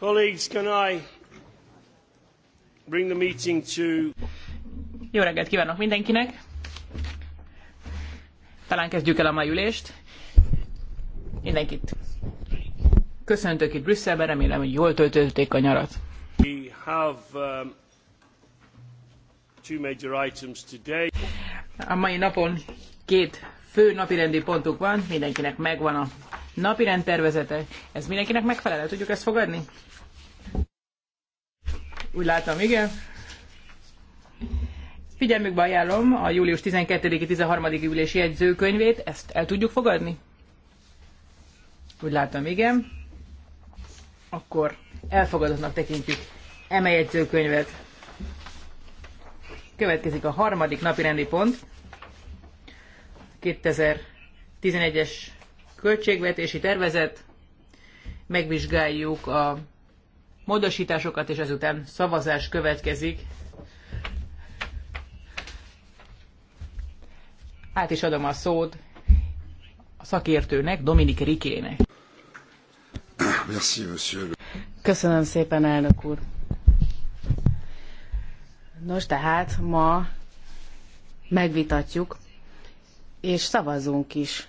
Colleagues, can I bring the meeting to... Jó reggelt kívánok mindenkinek! Talán kezdjük el a mai ülést. Mindenkit köszöntök itt Brüsszelben, remélem, hogy jól töltötték a nyarat. We have um, two major items today. A mai napon két fő napirendi pontunk van, mindenkinek megvan a napirend rendtervezete. Ez mindenkinek megfelel? Tudjuk ezt fogadni? Úgy látom, igen. Figyelmükbe ajánlom a július 12-13. ülési jegyzőkönyvét. Ezt el tudjuk fogadni? Úgy látom, igen. Akkor elfogadottnak tekintjük eme jegyzőkönyvet. Következik a harmadik napi rendi pont. 2011-es költségvetési tervezet, megvizsgáljuk a módosításokat, és ezután szavazás következik. Át is adom a szót a szakértőnek, Dominik Rikének. Köszönöm szépen, elnök úr. Nos, tehát ma megvitatjuk, és szavazunk is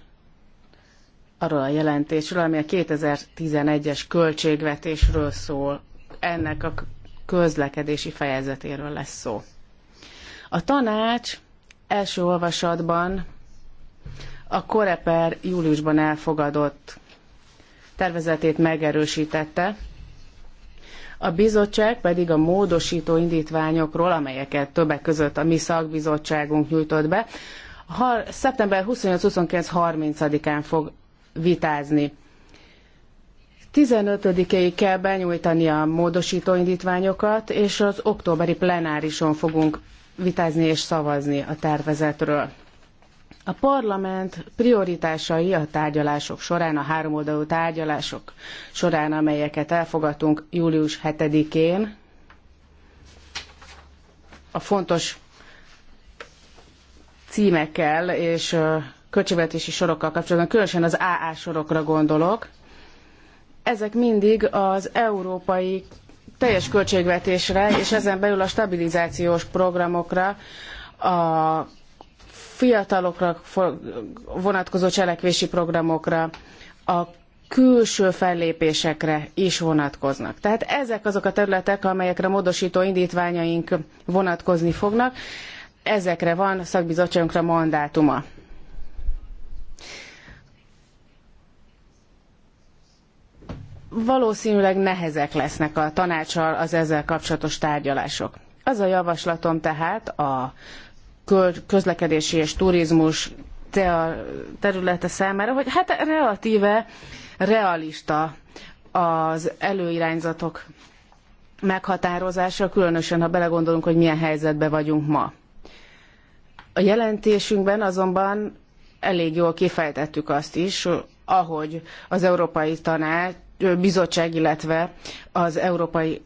arról a jelentésről, ami a 2011-es költségvetésről szól. Ennek a közlekedési fejezetéről lesz szó. A tanács első olvasatban a Koreper júliusban elfogadott tervezetét megerősítette, a bizottság pedig a módosító indítványokról, amelyeket többek között a mi szakbizottságunk nyújtott be, szeptember 28-29-30-án fog vitázni. 15-éig kell benyújtani a módosító indítványokat, és az októberi plenárison fogunk vitázni és szavazni a tervezetről. A parlament prioritásai a tárgyalások során, a háromoldalú tárgyalások során, amelyeket elfogadtunk július 7-én, a fontos címekkel és költségvetési sorokkal kapcsolatban, különösen az AA sorokra gondolok, ezek mindig az európai teljes költségvetésre, és ezen belül a stabilizációs programokra, a fiatalokra vonatkozó cselekvési programokra, a külső fellépésekre is vonatkoznak. Tehát ezek azok a területek, amelyekre módosító indítványaink vonatkozni fognak, ezekre van szakbizottságunkra mandátuma. valószínűleg nehezek lesznek a tanácsal az ezzel kapcsolatos tárgyalások. Az a javaslatom tehát a közlekedési és turizmus területe számára, hogy hát relatíve realista az előirányzatok meghatározása, különösen ha belegondolunk, hogy milyen helyzetben vagyunk ma. A jelentésünkben azonban elég jól kifejtettük azt is, ahogy az Európai Tanács bizottság, illetve az Európai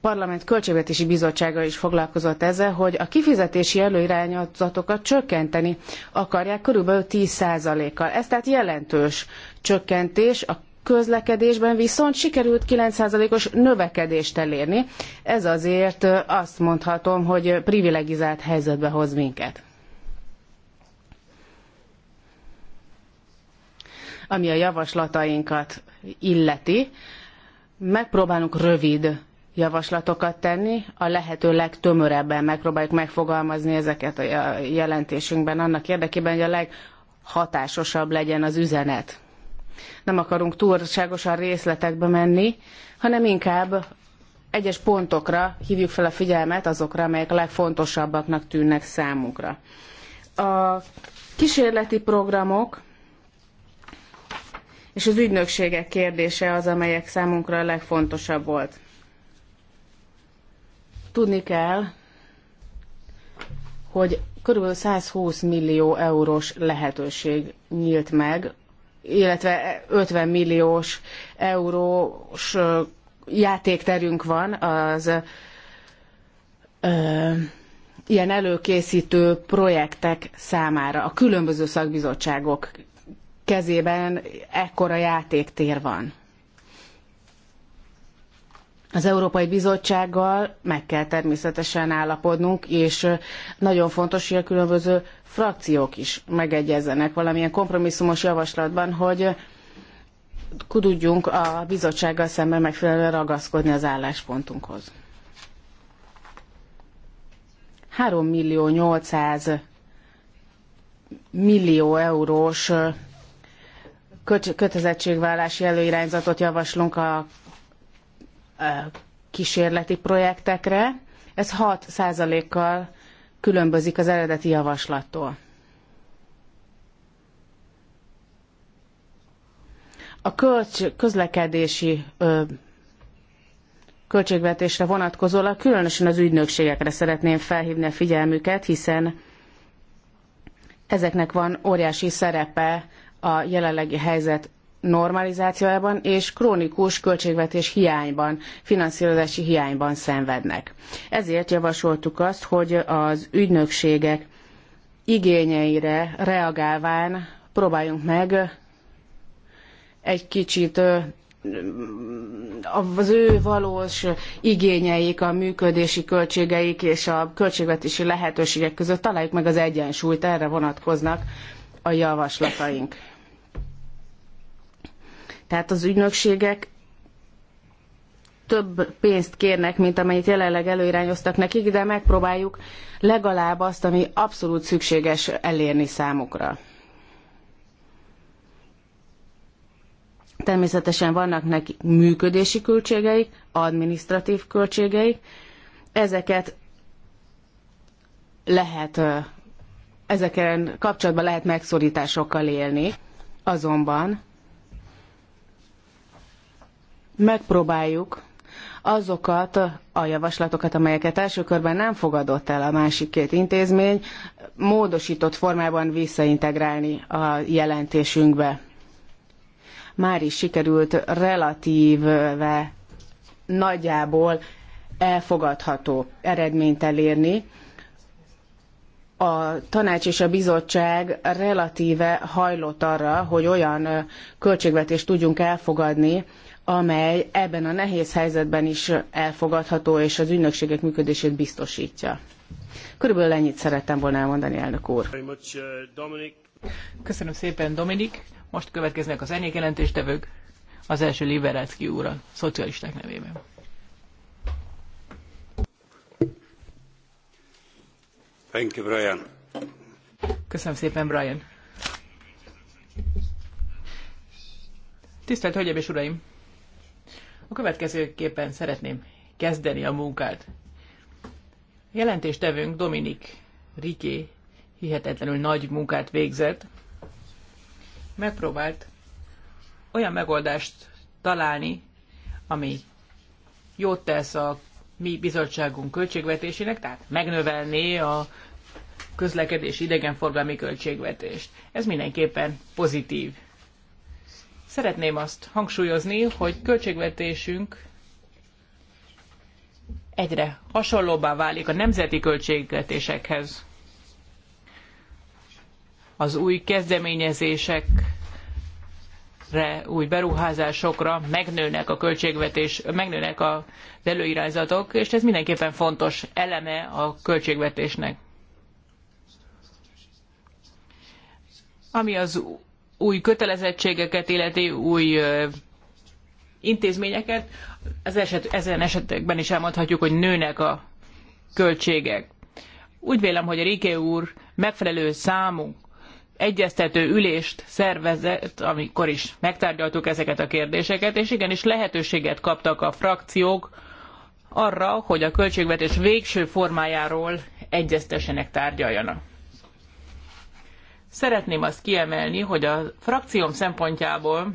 Parlament Költségvetési Bizottsága is foglalkozott ezzel, hogy a kifizetési előirányzatokat csökkenteni akarják körülbelül 10%-kal. Ez tehát jelentős csökkentés, a közlekedésben viszont sikerült 9%-os növekedést elérni. Ez azért azt mondhatom, hogy privilegizált helyzetbe hoz minket. Ami a javaslatainkat illeti, megpróbálunk rövid javaslatokat tenni, a lehető legtömörebben megpróbáljuk megfogalmazni ezeket a jelentésünkben, annak érdekében, hogy a leghatásosabb legyen az üzenet. Nem akarunk túlságosan részletekbe menni, hanem inkább egyes pontokra hívjuk fel a figyelmet, azokra, amelyek a legfontosabbaknak tűnnek számunkra. A kísérleti programok és az ügynökségek kérdése az, amelyek számunkra a legfontosabb volt. Tudni kell, hogy kb. 120 millió eurós lehetőség nyílt meg, illetve 50 milliós eurós játékterünk van az ö, ilyen előkészítő projektek számára a különböző szakbizottságok kezében ekkora játéktér van. Az Európai Bizottsággal meg kell természetesen állapodnunk, és nagyon fontos, hogy a különböző frakciók is megegyezzenek valamilyen kompromisszumos javaslatban, hogy tudjunk a bizottsággal szemben megfelelően ragaszkodni az álláspontunkhoz. 3 millió 800 millió eurós kötelezettségvállási előirányzatot javaslunk a, a kísérleti projektekre. Ez 6%-kal különbözik az eredeti javaslattól. A közlekedési ö, költségvetésre vonatkozólag különösen az ügynökségekre szeretném felhívni a figyelmüket, hiszen ezeknek van óriási szerepe a jelenlegi helyzet normalizációjában és krónikus költségvetés hiányban, finanszírozási hiányban szenvednek. Ezért javasoltuk azt, hogy az ügynökségek igényeire reagálván próbáljunk meg egy kicsit az ő valós igényeik, a működési költségeik és a költségvetési lehetőségek között találjuk meg az egyensúlyt, erre vonatkoznak a javaslataink. Tehát az ügynökségek több pénzt kérnek, mint amennyit jelenleg előirányoztak nekik, de megpróbáljuk legalább azt, ami abszolút szükséges elérni számukra. Természetesen vannak nekik működési költségeik, administratív költségeik, ezeket lehet, ezeken kapcsolatban lehet megszorításokkal élni, azonban megpróbáljuk azokat a javaslatokat, amelyeket első körben nem fogadott el a másik két intézmény, módosított formában visszaintegrálni a jelentésünkbe. Már is sikerült relatíve nagyjából elfogadható eredményt elérni. A tanács és a bizottság relatíve hajlott arra, hogy olyan költségvetést tudjunk elfogadni, amely ebben a nehéz helyzetben is elfogadható és az ügynökségek működését biztosítja. Körülbelül ennyit szerettem volna elmondani, elnök úr. Uh, Köszönöm szépen, Dominik. Most következnek az enyék jelentéstevők. Az első Liberácki úr a szocialisták nevében. Thank you, Brian. Köszönöm szépen, Brian. Tisztelt Hölgyeim és Uraim! A következőképpen szeretném kezdeni a munkát. Jelentéstevőnk Dominik Riké hihetetlenül nagy munkát végzett. Megpróbált olyan megoldást találni, ami jót tesz a mi bizottságunk költségvetésének, tehát megnövelné a közlekedési idegenforgalmi költségvetést. Ez mindenképpen pozitív Szeretném azt hangsúlyozni, hogy költségvetésünk egyre hasonlóbbá válik a nemzeti költségvetésekhez. Az új kezdeményezésekre, új beruházásokra megnőnek a költségvetés, megnőnek az előirányzatok, és ez mindenképpen fontos eleme a költségvetésnek. Ami az új kötelezettségeket illeti, új intézményeket, az eset, ezen esetekben is elmondhatjuk, hogy nőnek a költségek. Úgy vélem, hogy a Riké úr megfelelő számú egyeztető ülést szervezett, amikor is megtárgyaltuk ezeket a kérdéseket, és igenis lehetőséget kaptak a frakciók arra, hogy a költségvetés végső formájáról egyeztessenek, tárgyaljanak. Szeretném azt kiemelni, hogy a frakcióm szempontjából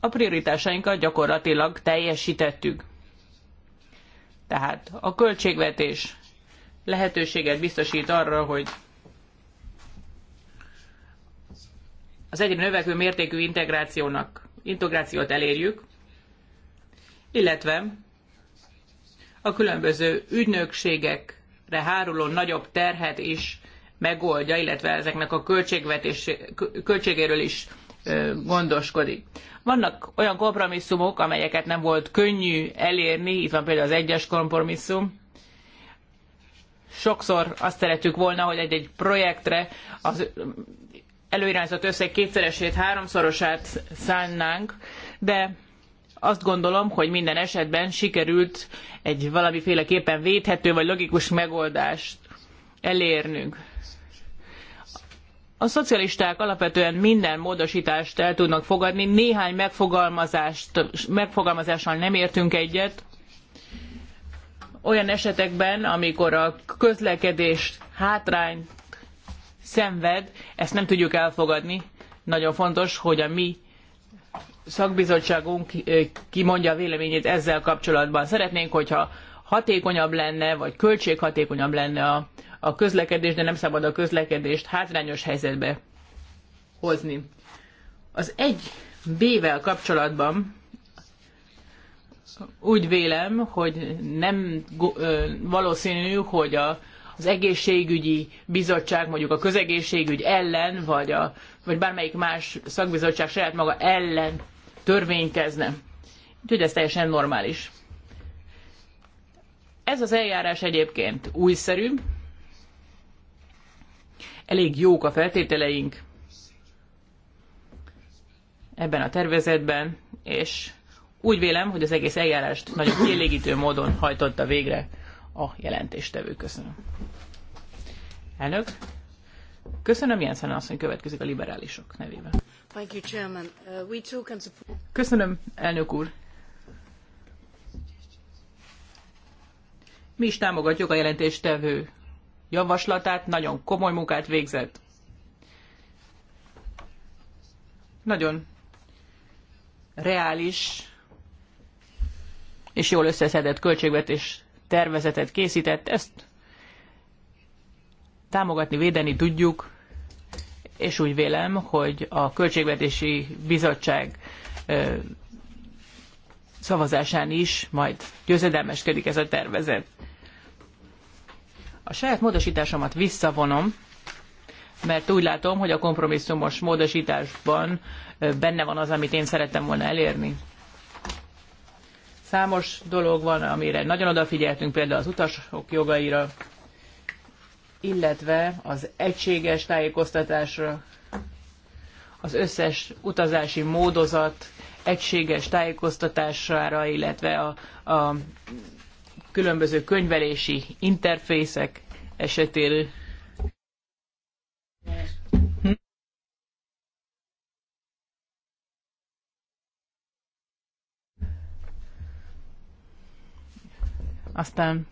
a prioritásainkat gyakorlatilag teljesítettük. Tehát a költségvetés lehetőséget biztosít arra, hogy az egyre növekvő mértékű integrációnak, integrációt elérjük, illetve a különböző ügynökségek háruló nagyobb terhet is megoldja, illetve ezeknek a költségvetés, költségéről is gondoskodik. Vannak olyan kompromisszumok, amelyeket nem volt könnyű elérni, itt van például az egyes kompromisszum. Sokszor azt szerettük volna, hogy egy-egy projektre az előirányzott összeg kétszeresét, háromszorosát szánnánk, de azt gondolom, hogy minden esetben sikerült egy valamiféleképpen védhető vagy logikus megoldást elérnünk. A szocialisták alapvetően minden módosítást el tudnak fogadni, néhány megfogalmazást, megfogalmazással nem értünk egyet. Olyan esetekben, amikor a közlekedés hátrányt szenved, ezt nem tudjuk elfogadni. Nagyon fontos, hogy a mi szakbizottságunk eh, kimondja a véleményét ezzel kapcsolatban. Szeretnénk, hogyha hatékonyabb lenne, vagy költséghatékonyabb lenne a, a közlekedés, de nem szabad a közlekedést hátrányos helyzetbe hozni. Az 1B-vel kapcsolatban úgy vélem, hogy nem valószínű, hogy a, az egészségügyi bizottság mondjuk a közegészségügy ellen, vagy a vagy bármelyik más szakbizottság saját maga ellen törvénykezne. Úgyhogy ez teljesen normális. Ez az eljárás egyébként újszerű. elég jók a feltételeink ebben a tervezetben, és úgy vélem, hogy az egész eljárást nagyon kielégítő módon hajtotta végre a jelentéstevő. Köszönöm. Elnök, Köszönöm, Jensen asszony következik a liberálisok nevében. Thank you, Chairman. Uh, we too can support... Köszönöm, elnök úr. Mi is támogatjuk a jelentéstevő javaslatát, nagyon komoly munkát végzett. Nagyon reális és jól összeszedett költségvetés tervezetet készített, ezt támogatni, védeni tudjuk, és úgy vélem, hogy a Költségvetési Bizottság szavazásán is majd győzedelmeskedik ez a tervezet. A saját módosításomat visszavonom, mert úgy látom, hogy a kompromisszumos módosításban benne van az, amit én szerettem volna elérni. Számos dolog van, amire nagyon odafigyeltünk, például az utasok jogaira, illetve az egységes tájékoztatásra, az összes utazási módozat egységes tájékoztatására, illetve a, a különböző könyvelési interfészek esetére. Aztán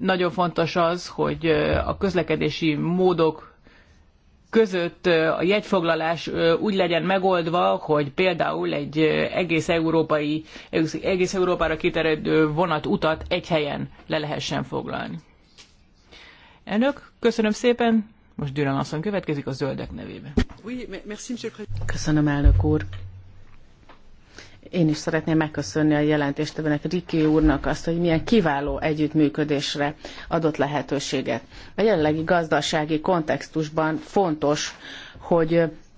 nagyon fontos az, hogy a közlekedési módok között a jegyfoglalás úgy legyen megoldva, hogy például egy egész, európai, egész Európára kiterjedő vonat utat egy helyen le lehessen foglalni. Elnök, köszönöm szépen. Most Düran következik a zöldek nevében. Köszönöm, elnök úr. Én is szeretném megköszönni a jelentéstevőnek Riki úrnak azt, hogy milyen kiváló együttműködésre adott lehetőséget. A jelenlegi gazdasági kontextusban fontos, hogy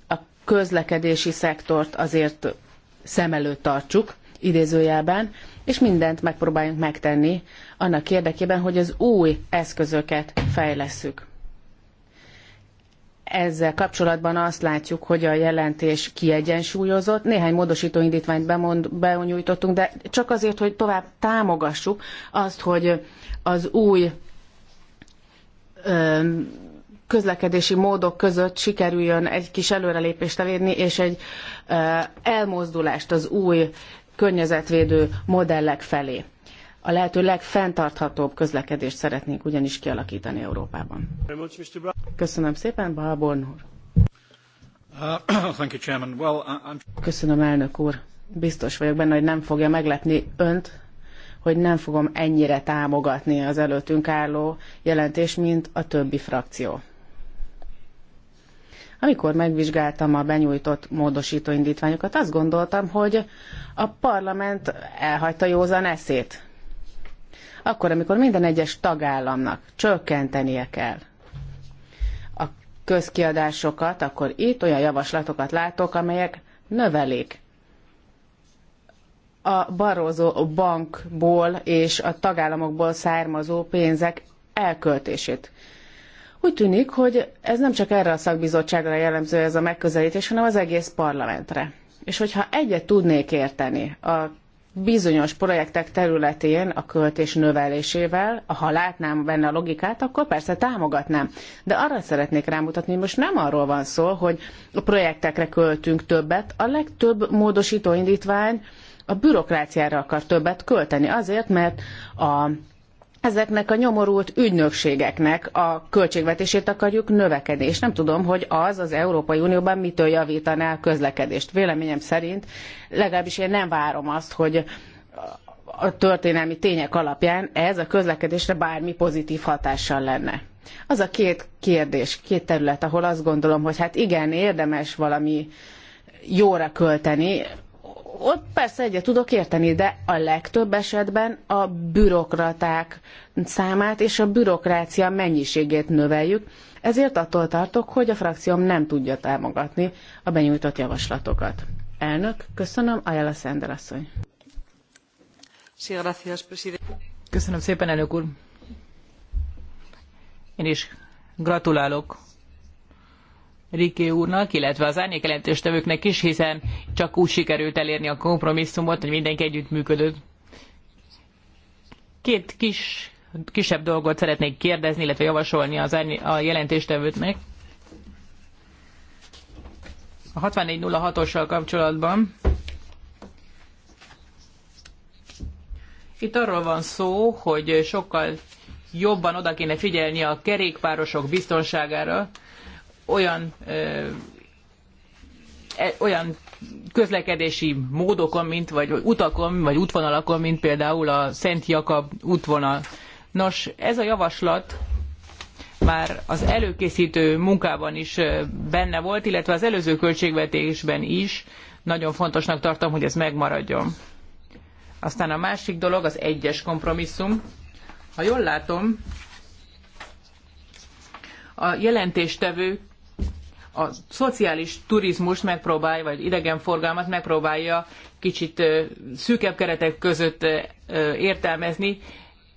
a közlekedési szektort azért szem előtt tartsuk, idézőjelben, és mindent megpróbáljunk megtenni annak érdekében, hogy az új eszközöket fejlesszük ezzel kapcsolatban azt látjuk, hogy a jelentés kiegyensúlyozott. Néhány módosító indítványt bemond, benyújtottunk, de csak azért, hogy tovább támogassuk azt, hogy az új ö, közlekedési módok között sikerüljön egy kis előrelépést elérni, és egy ö, elmozdulást az új környezetvédő modellek felé. A lehető legfenntarthatóbb közlekedést szeretnénk ugyanis kialakítani Európában. Köszönöm szépen, Balborn Köszönöm, elnök úr. Biztos vagyok benne, hogy nem fogja meglepni önt, hogy nem fogom ennyire támogatni az előttünk álló jelentést, mint a többi frakció. Amikor megvizsgáltam a benyújtott módosító indítványokat, azt gondoltam, hogy a parlament elhagyta józan eszét akkor, amikor minden egyes tagállamnak csökkentenie kell a közkiadásokat, akkor itt olyan javaslatokat látok, amelyek növelik a barózó bankból és a tagállamokból származó pénzek elköltését. Úgy tűnik, hogy ez nem csak erre a szakbizottságra jellemző ez a megközelítés, hanem az egész parlamentre. És hogyha egyet tudnék érteni a bizonyos projektek területén a költés növelésével, ha látnám benne a logikát, akkor persze támogatnám. De arra szeretnék rámutatni, most nem arról van szó, hogy a projektekre költünk többet, a legtöbb módosító indítvány a bürokráciára akar többet költeni, azért, mert a ezeknek a nyomorult ügynökségeknek a költségvetését akarjuk növekedés. Nem tudom, hogy az az Európai Unióban mitől javítaná a közlekedést. Véleményem szerint legalábbis én nem várom azt, hogy a történelmi tények alapján ez a közlekedésre bármi pozitív hatással lenne. Az a két kérdés, két terület, ahol azt gondolom, hogy hát igen, érdemes valami jóra költeni, ott persze egyet tudok érteni, de a legtöbb esetben a bürokraták számát és a bürokrácia mennyiségét növeljük, ezért attól tartok, hogy a frakcióm nem tudja támogatni a benyújtott javaslatokat. Elnök, köszönöm, Ajala Szender asszony. Köszönöm szépen, elnök úr. Én is gratulálok Riké úrnak, illetve az árnyék jelentőstevőknek is, hiszen csak úgy sikerült elérni a kompromisszumot, hogy mindenki együttműködött. Két kis, kisebb dolgot szeretnék kérdezni, illetve javasolni az árny- a jelentéstevőknek. A 6406-ossal kapcsolatban. Itt arról van szó, hogy sokkal jobban oda kéne figyelni a kerékpárosok biztonságára, olyan e, olyan közlekedési módokon, mint, vagy utakon, vagy útvonalakon, mint például a Szent Jakab útvonal. Nos, ez a javaslat már az előkészítő munkában is benne volt, illetve az előző költségvetésben is. Nagyon fontosnak tartom, hogy ez megmaradjon. Aztán a másik dolog az egyes kompromisszum. Ha jól látom, a jelentéstevő a szociális turizmust megpróbálja, vagy idegenforgalmat megpróbálja kicsit szűkebb keretek között értelmezni.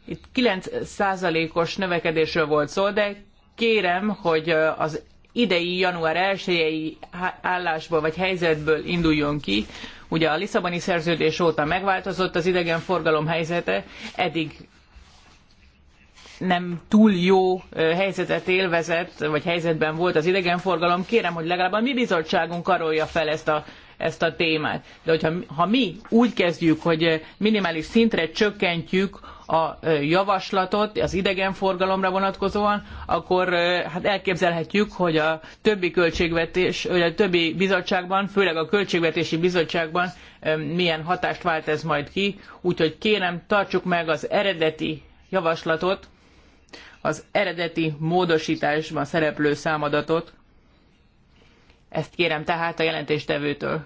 Itt 9%-os növekedésről volt szó, de kérem, hogy az idei január 1 állásból vagy helyzetből induljon ki. Ugye a Lisszaboni szerződés óta megváltozott az idegenforgalom helyzete, eddig nem túl jó helyzetet élvezett, vagy helyzetben volt az idegenforgalom, kérem, hogy legalább a mi bizottságunk karolja fel ezt a ezt a témát. De hogyha ha mi úgy kezdjük, hogy minimális szintre csökkentjük a javaslatot az idegenforgalomra vonatkozóan, akkor hát elképzelhetjük, hogy a többi költségvetés, vagy a többi bizottságban, főleg a költségvetési bizottságban milyen hatást vált ez majd ki. Úgyhogy kérem, tartsuk meg az eredeti javaslatot, az eredeti módosításban szereplő számadatot. Ezt kérem tehát a jelentéstevőtől.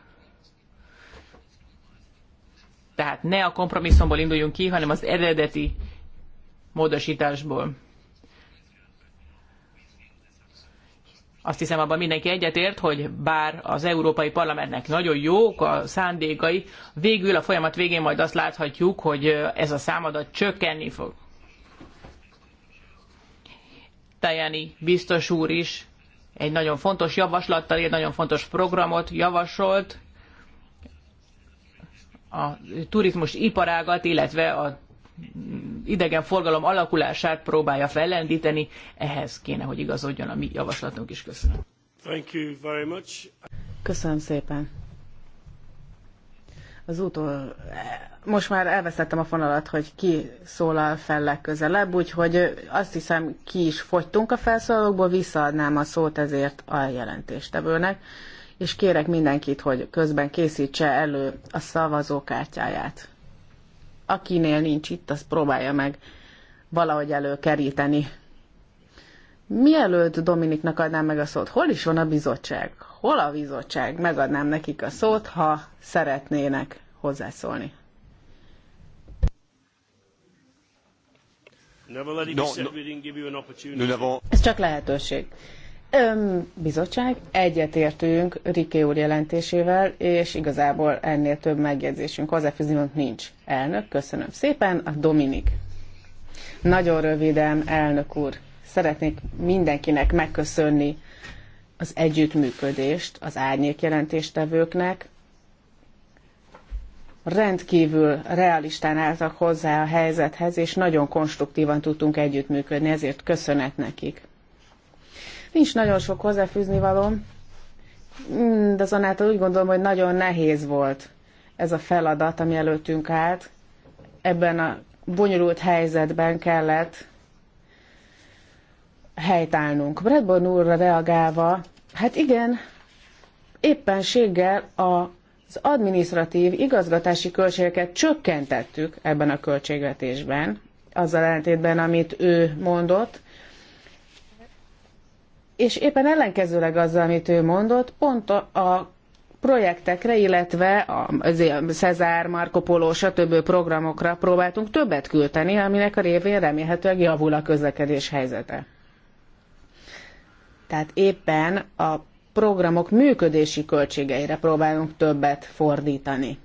Tehát ne a kompromisszumból induljunk ki, hanem az eredeti módosításból. Azt hiszem, abban mindenki egyetért, hogy bár az Európai Parlamentnek nagyon jók a szándékai, végül a folyamat végén majd azt láthatjuk, hogy ez a számadat csökkenni fog. Tajani biztos úr is egy nagyon fontos javaslattal, egy nagyon fontos programot javasolt a turizmus iparágat, illetve a idegenforgalom alakulását próbálja fellendíteni. Ehhez kéne, hogy igazodjon a mi javaslatunk is. Köszönöm. Köszönöm szépen az utol... Most már elveszettem a fonalat, hogy ki szólal fel legközelebb, úgyhogy azt hiszem ki is fogytunk a felszólalókból, visszaadnám a szót ezért a jelentéstevőnek, és kérek mindenkit, hogy közben készítse elő a szavazókártyáját. Akinél nincs itt, azt próbálja meg valahogy előkeríteni. Mielőtt Dominiknak adnám meg a szót, hol is van a bizottság? Hol a bizottság? Megadnám nekik a szót, ha szeretnének hozzászólni. Ez csak lehetőség. Öm, bizottság, egyetértünk Riké úr jelentésével, és igazából ennél több megjegyzésünk hozzáfűznünk nincs. Elnök, köszönöm szépen, a Dominik. Nagyon röviden, elnök úr. Szeretnék mindenkinek megköszönni az együttműködést az árnyék jelentéstevőknek. Rendkívül realistán álltak hozzá a helyzethez, és nagyon konstruktívan tudtunk együttműködni, ezért köszönet nekik. Nincs nagyon sok hozzáfűzni valóm, de azonáltal úgy gondolom, hogy nagyon nehéz volt ez a feladat, ami előttünk állt. Ebben a bonyolult helyzetben kellett helytállnunk. Bradburn úrra reagálva, hát igen, éppenséggel a az adminisztratív igazgatási költségeket csökkentettük ebben a költségvetésben, azzal ellentétben, amit ő mondott, és éppen ellenkezőleg azzal, amit ő mondott, pont a projektekre, illetve a Cezár, Marco Polo, stb. programokra próbáltunk többet küldeni, aminek a révén remélhetőleg javul a közlekedés helyzete. Tehát éppen a programok működési költségeire próbálunk többet fordítani.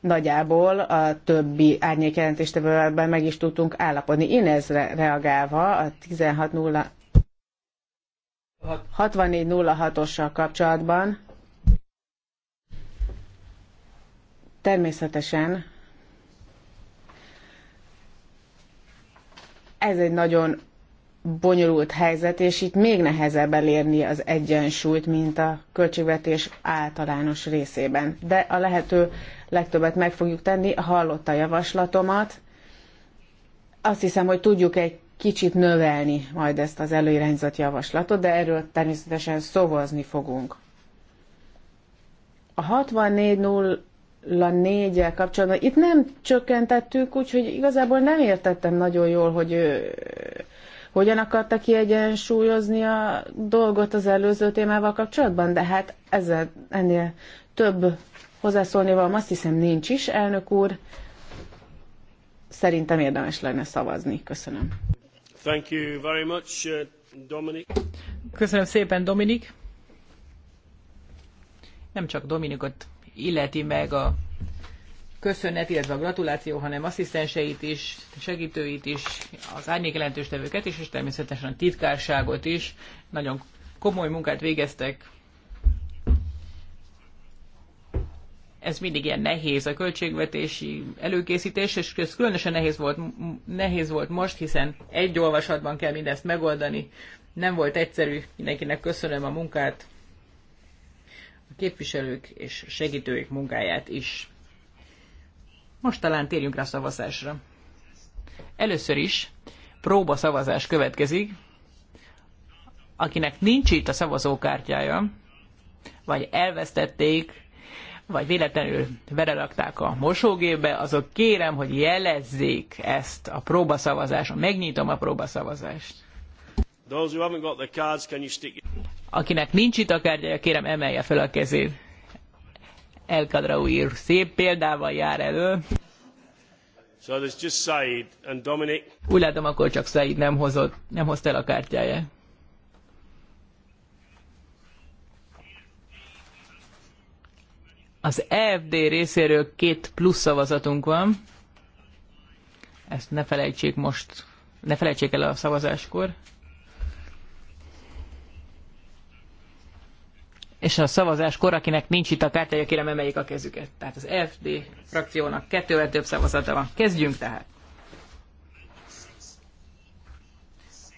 Nagyjából a többi árnyékjelentéstevőben meg is tudtunk állapodni. Inezre reagálva a 16.0 6406-ossal kapcsolatban természetesen ez egy nagyon bonyolult helyzet, és itt még nehezebb elérni az egyensúlyt, mint a költségvetés általános részében. De a lehető legtöbbet meg fogjuk tenni, hallotta a javaslatomat. Azt hiszem, hogy tudjuk egy kicsit növelni majd ezt az előirányzat javaslatot, de erről természetesen szavazni fogunk. A 6404-jel kapcsolatban itt nem csökkentettük, úgyhogy igazából nem értettem nagyon jól, hogy hogyan akarta kiegyensúlyozni a dolgot az előző témával kapcsolatban, de hát ezzel, ennél több hozzászólni van, azt hiszem nincs is, elnök úr. Szerintem érdemes lenne szavazni. Köszönöm. Thank you very much, uh, Dominic. Köszönöm szépen, Dominik. Nem csak Dominikot illeti meg a köszönet, illetve a gratuláció, hanem asszisztenseit is, segítőit is, az árnyék jelentős tevőket is, és természetesen a titkárságot is. Nagyon komoly munkát végeztek. Ez mindig ilyen nehéz a költségvetési előkészítés, és ez különösen nehéz volt, nehéz volt most, hiszen egy olvasatban kell mindezt megoldani. Nem volt egyszerű, mindenkinek köszönöm a munkát, a képviselők és segítőik munkáját is. Most talán térjünk rá szavazásra. Először is próba szavazás következik. Akinek nincs itt a szavazókártyája, vagy elvesztették, vagy véletlenül verelakták a mosógépbe, azok kérem, hogy jelezzék ezt a próbaszavazáson. Megnyitom a próbaszavazást. Akinek nincs itt a kártyája, kérem emelje fel a kezét. El Kadraui szép példával jár elő. So there's just Said and Dominic. Úgy látom, akkor csak Said nem hozott, nem hozta el a kártyáját. Az EFD részéről két plusz szavazatunk van. Ezt ne felejtsék most, ne felejtsék el a szavazáskor. és a szavazáskor, akinek nincs itt a kártyája, kérem emeljék a kezüket. Tehát az FD frakciónak kettővel több szavazata van. Kezdjünk tehát.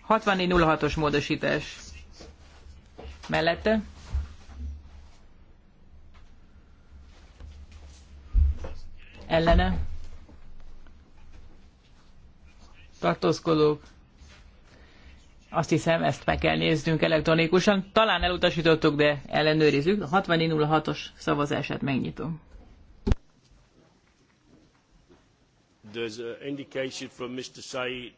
6406-os módosítás mellette. Ellene. Tartózkodók. Azt hiszem, ezt meg kell néznünk elektronikusan. Talán elutasítottuk, de ellenőrizzük. A 6406-os szavazását megnyitom. There's an indication from Mr. Said.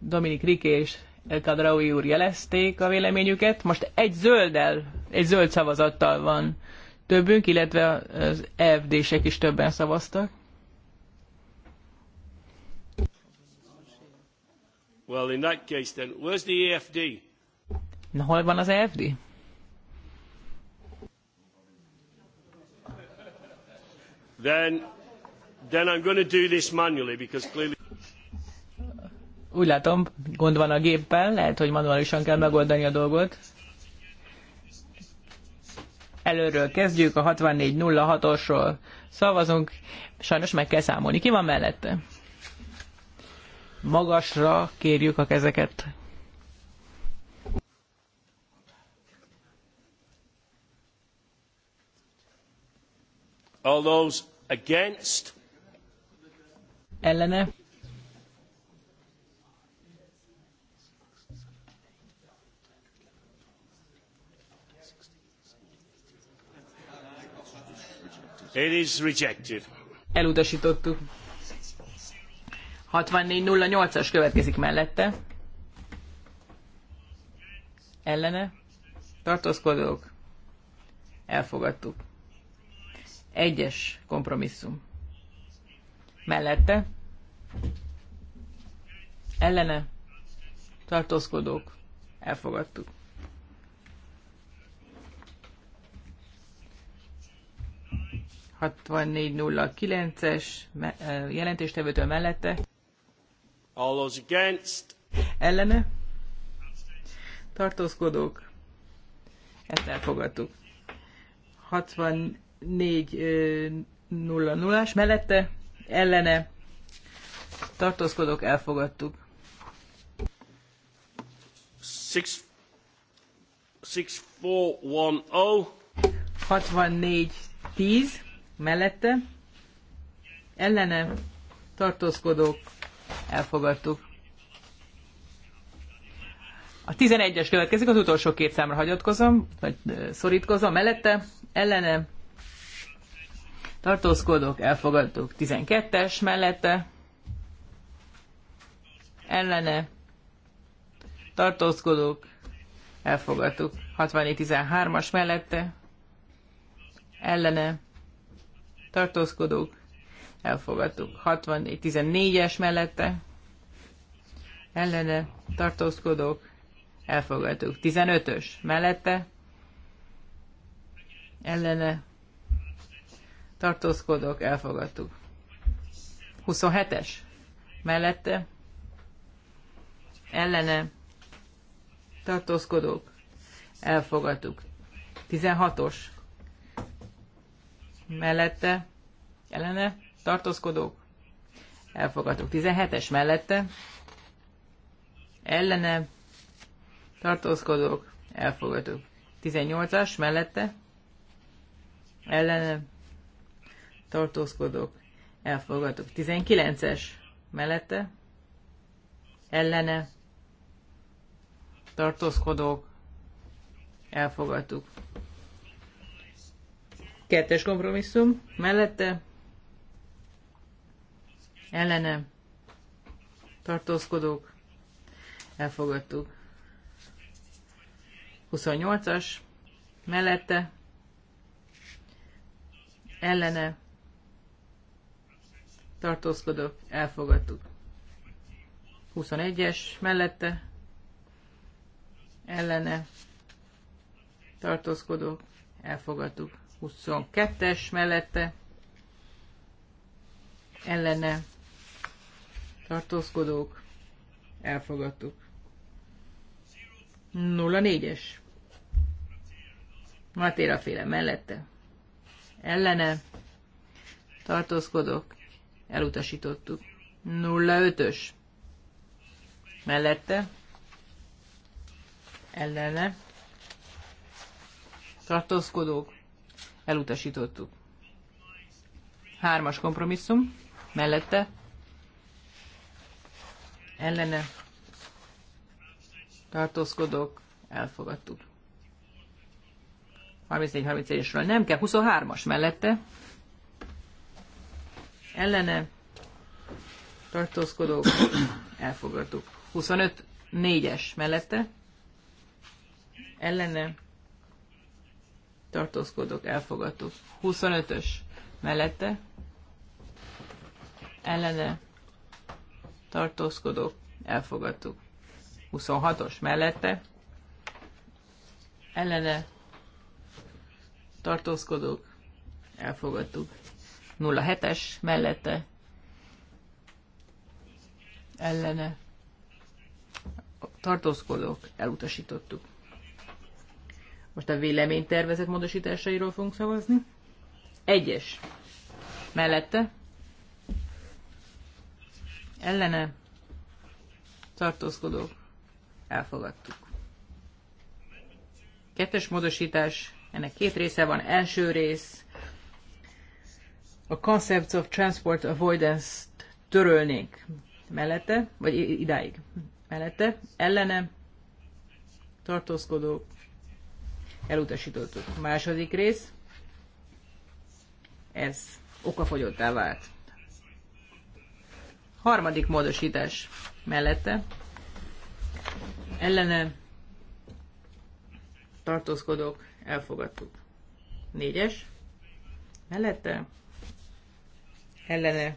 Dominik Riké és El Kadraui úr jelezték a véleményüket. Most egy zölddel, egy zöld szavazattal van többünk, illetve az EFD-sek is többen szavaztak. Well, in that case then, where's the Na, hol van az EFD? Then, then I'm going to do this manually because clearly... Úgy látom, gond van a géppel, lehet, hogy manuálisan kell megoldani a dolgot. Előről kezdjük, a 6406-osról szavazunk, sajnos meg kell számolni. Ki van mellette? magasra kérjük a kezeket. All those against? Ellene? It is rejected. Elutasítottuk. 6408-as következik mellette. Ellene. Tartózkodók. Elfogadtuk. Egyes kompromisszum. Mellette. Ellene. Tartózkodók. Elfogadtuk. es eh, jelentéstevőtől mellette. All those against. Ellene. Tartózkodók. Ezt elfogadtuk. 64 0 0 -as. mellette, ellene. Tartózkodók, elfogadtuk. 6 6410 64, mellette ellene tartózkodók elfogadtuk. A 11-es következik, az utolsó két számra hagyatkozom, vagy szorítkozom, mellette, ellene, tartózkodok, elfogadtuk. 12-es mellette, ellene, tartózkodok, elfogadtuk. 64-13-as mellette, ellene, tartózkodok, elfogadtuk. 64, 14-es mellette ellene tartózkodók, elfogadtuk. 15-ös mellette ellene tartózkodók, elfogadtuk. 27-es mellette ellene tartózkodók, elfogadtuk. 16-os mellette ellene tartózkodók, elfogadtuk. 17-es mellette, ellene, tartózkodók, elfogadtuk. 18-as mellette, ellene, tartózkodók, elfogadtuk. 19-es mellette, ellene, tartózkodók, elfogadtuk. Kettes kompromisszum mellette, ellene tartózkodók elfogadtuk. 28-as mellette ellene tartózkodók elfogadtuk. 21-es mellette ellene tartózkodók elfogadtuk. 22-es mellette ellene tartózkodók, elfogadtuk. 04-es. Matéra féle mellette. Ellene tartózkodók, elutasítottuk. 05-ös. Mellette. Ellene tartózkodók, elutasítottuk. Hármas kompromisszum, mellette, ellene tartózkodok, elfogadtuk. 34-31-esről nem kell, 23-as mellette ellene tartózkodók, elfogadtuk. 25 4-es mellette ellene tartózkodók, elfogadtuk. 25-ös mellette ellene tartózkodók, elfogadtuk. 26-os mellette, ellene tartózkodók, elfogadtuk. 07-es mellette, ellene tartózkodók, elutasítottuk. Most a véleménytervezet módosításairól fogunk szavazni. Egyes. Mellette ellene tartózkodók elfogadtuk. Kettes módosítás, ennek két része van. Első rész a Concepts of Transport Avoidance-t törölnék mellette, vagy idáig mellette, ellene tartózkodók elutasítottuk. A második rész, ez okafogyottá vált. Harmadik módosítás mellette ellene tartózkodók elfogadtuk. Négyes mellette ellene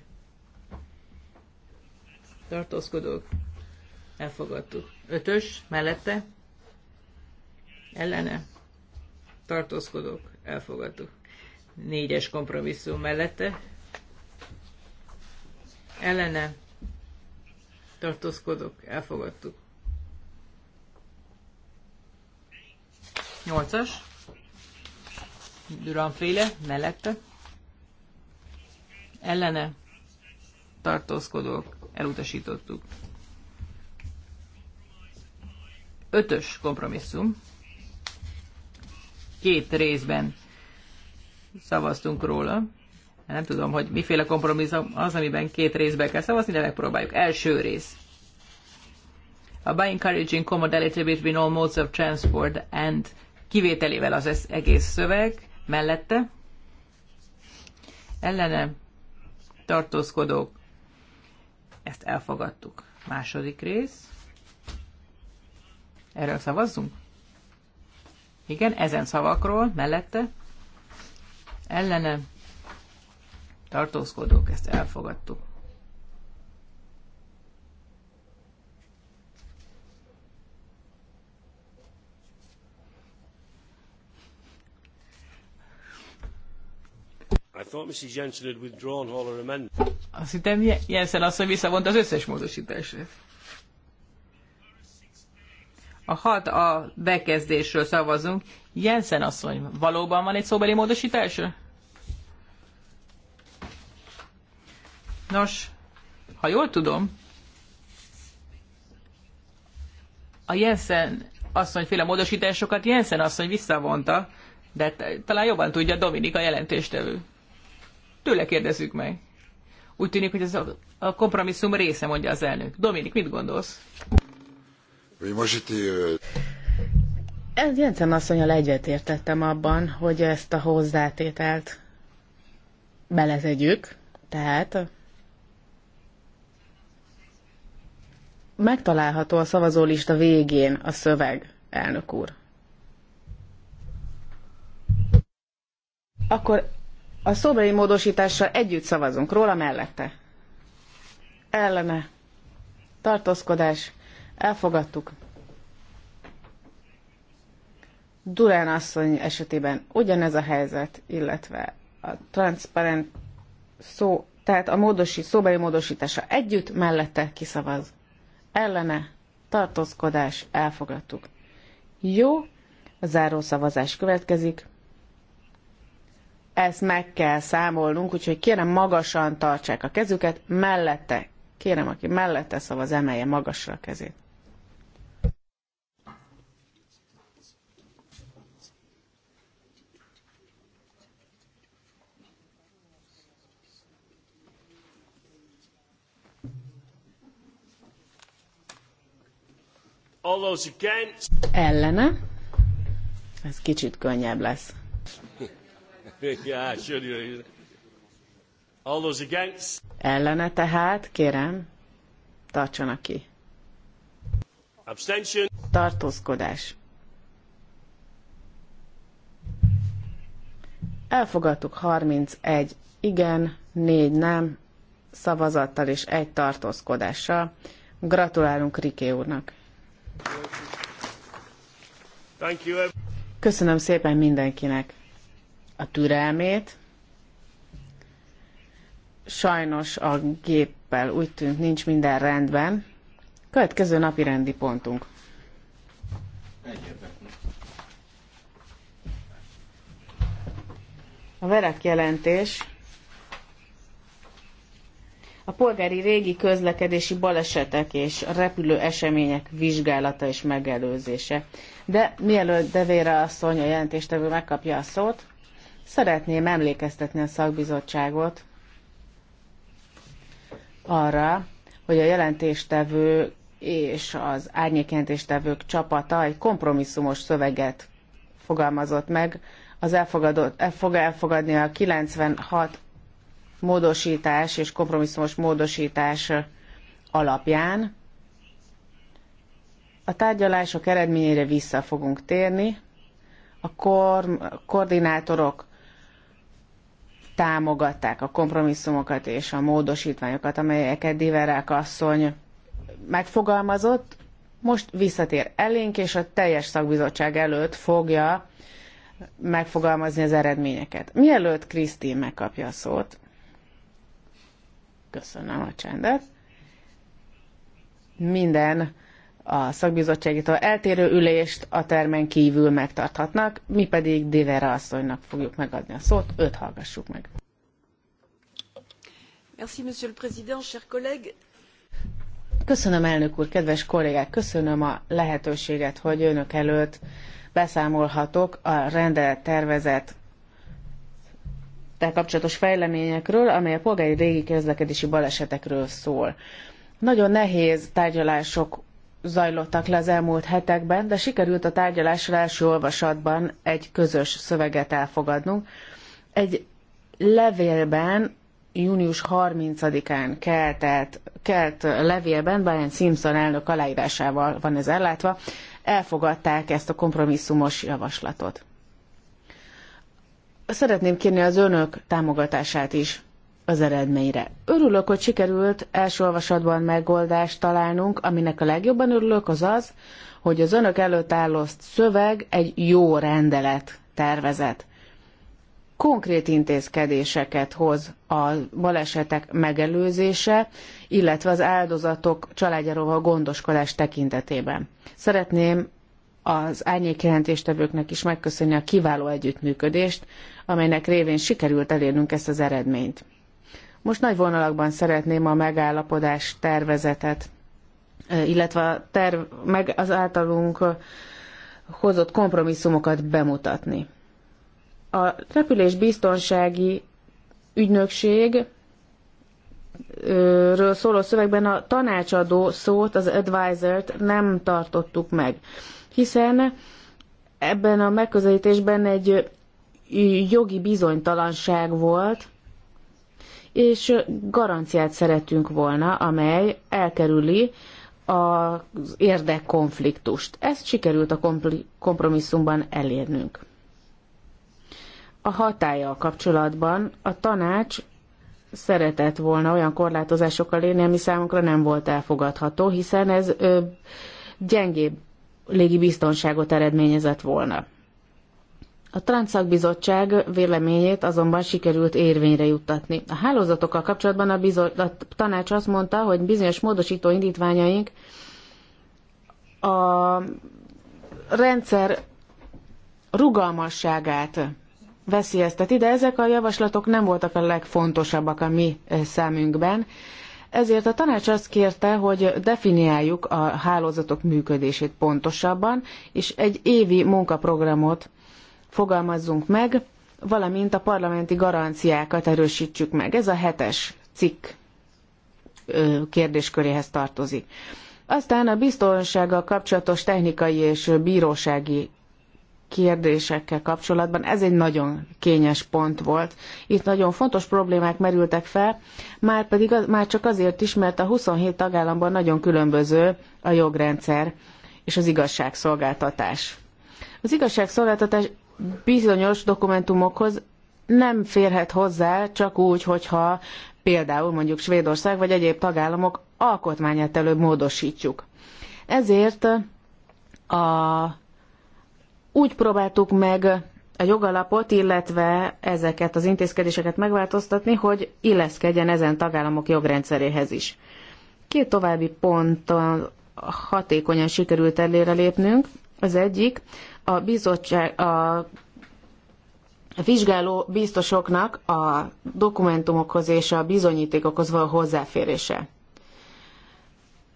tartózkodók elfogadtuk. Ötös mellette ellene tartózkodók elfogadtuk. Négyes kompromisszum mellette ellene tartózkodok, elfogadtuk. Nyolcas? Duranféle, mellette, ellene tartózkodok, elutasítottuk. Ötös kompromisszum, két részben szavaztunk róla, nem tudom, hogy miféle kompromisszum az, amiben két részbe kell szavazni, de megpróbáljuk. Első rész. A by encouraging commodality between all modes of transport and kivételével az egész szöveg mellette. Ellene tartózkodók. Ezt elfogadtuk. Második rész. Erről szavazzunk? Igen, ezen szavakról, mellette. Ellene tartózkodók, ezt elfogadtuk. I thought Mrs. Jensen had withdrawn all her amendments. Azt hittem Jensen azt, hogy visszavonta az összes módosítását. A hat a bekezdésről szavazunk. Jensen asszony, valóban van egy szóbeli módosítása? Nos, ha jól tudom, a Jensen asszonyféle módosításokat Jensen asszony visszavonta, de talán jobban tudja Dominik a jelentéstevő. Tőle kérdezzük meg. Úgy tűnik, hogy ez a, a kompromisszum része, mondja az elnök. Dominik, mit gondolsz? Oui, euh, Ez Jensen asszonyal értettem abban, hogy ezt a hozzátételt belezegyük. tehát megtalálható a szavazólista végén a szöveg, elnök úr. Akkor a szobai módosítással együtt szavazunk róla mellette. Ellene. Tartózkodás. Elfogadtuk. Durán asszony esetében ugyanez a helyzet, illetve a transzparent szó, tehát a módosi, szobai módosítása együtt mellette kiszavaz ellene, tartózkodás, elfogadtuk. Jó, a záró szavazás következik. Ezt meg kell számolnunk, úgyhogy kérem magasan tartsák a kezüket, mellette, kérem, aki mellette szavaz, emelje magasra a kezét. All those against. Ellene. Ez kicsit könnyebb lesz. yeah, sure. All those against. Ellene tehát, kérem, tartsanak ki. Abstention. Tartózkodás. Elfogadtuk 31 igen, 4 nem, szavazattal és egy tartózkodással. Gratulálunk Riké úrnak! Köszönöm szépen mindenkinek a türelmét. Sajnos a géppel úgy tűnt nincs minden rendben. Következő napi rendi pontunk. A verek jelentés a polgári régi közlekedési balesetek és repülő események vizsgálata és megelőzése. De mielőtt Devére asszony a jelentéstevő megkapja a szót, szeretném emlékeztetni a szakbizottságot arra, hogy a jelentéstevő és az árnyékjelentéstevők csapata egy kompromisszumos szöveget fogalmazott meg, az elfogadott, el fog elfogadni a 96 módosítás és kompromisszumos módosítás alapján. A tárgyalások eredményére vissza fogunk térni. A kor- koordinátorok támogatták a kompromisszumokat és a módosítványokat, amelyeket Diverák asszony megfogalmazott. Most visszatér elénk, és a teljes szakbizottság előtt fogja megfogalmazni az eredményeket. Mielőtt Krisztin megkapja a szót, Köszönöm a csendet. Minden a szakbizottságítól eltérő ülést a termen kívül megtarthatnak, mi pedig Divera asszonynak fogjuk megadni a szót, őt hallgassuk meg. Merci, monsieur le président, chers collègues. Köszönöm, elnök úr, kedves kollégák, köszönöm a lehetőséget, hogy önök előtt beszámolhatok a rendelet tervezet kapcsolatos fejleményekről, amely a polgári régi közlekedési balesetekről szól. Nagyon nehéz tárgyalások zajlottak le az elmúlt hetekben, de sikerült a tárgyalásra első olvasatban egy közös szöveget elfogadnunk. Egy levélben június 30-án keltelt, kelt levélben Brian Simpson elnök aláírásával van ez ellátva, elfogadták ezt a kompromisszumos javaslatot szeretném kérni az önök támogatását is az eredményre. Örülök, hogy sikerült első olvasatban megoldást találnunk, aminek a legjobban örülök az az, hogy az önök előtt álló szöveg egy jó rendelet tervezet. Konkrét intézkedéseket hoz a balesetek megelőzése, illetve az áldozatok családjáról gondoskodás tekintetében. Szeretném az jelentéstevőknek is megköszönni a kiváló együttműködést, amelynek révén sikerült elérnünk ezt az eredményt. Most nagy vonalakban szeretném a megállapodás tervezetet, illetve a terv, meg az általunk hozott kompromisszumokat bemutatni. A repülés biztonsági ügynökség ről szóló szövegben a tanácsadó szót, az advisor-t nem tartottuk meg, hiszen ebben a megközelítésben egy jogi bizonytalanság volt, és garanciát szeretünk volna, amely elkerüli az érdekkonfliktust. Ezt sikerült a kompromisszumban elérnünk. A hatája a kapcsolatban a tanács szeretett volna olyan korlátozásokkal élni, ami számunkra nem volt elfogadható, hiszen ez ö, gyengébb légi biztonságot eredményezett volna. A Transzakbizottság véleményét azonban sikerült érvényre juttatni. A hálózatokkal kapcsolatban a, bizot, a tanács azt mondta, hogy bizonyos módosító indítványaink a rendszer rugalmasságát veszélyezteti, de ezek a javaslatok nem voltak a legfontosabbak a mi e, számunkban. Ezért a tanács azt kérte, hogy definiáljuk a hálózatok működését pontosabban, és egy évi munkaprogramot fogalmazzunk meg, valamint a parlamenti garanciákat erősítsük meg. Ez a hetes cikk kérdésköréhez tartozik. Aztán a biztonsággal kapcsolatos technikai és bírósági kérdésekkel kapcsolatban ez egy nagyon kényes pont volt. Itt nagyon fontos problémák merültek fel, már pedig az, már csak azért is, mert a 27 tagállamban nagyon különböző a jogrendszer és az igazságszolgáltatás. Az igazságszolgáltatás bizonyos dokumentumokhoz nem férhet hozzá csak úgy, hogyha például mondjuk Svédország vagy egyéb tagállamok alkotmányát előbb módosítjuk. Ezért a, úgy próbáltuk meg a jogalapot, illetve ezeket az intézkedéseket megváltoztatni, hogy illeszkedjen ezen tagállamok jogrendszeréhez is. Két további ponton hatékonyan sikerült előre lépnünk. Az egyik a bizottság, a vizsgáló biztosoknak a dokumentumokhoz és a bizonyítékokhoz való hozzáférése.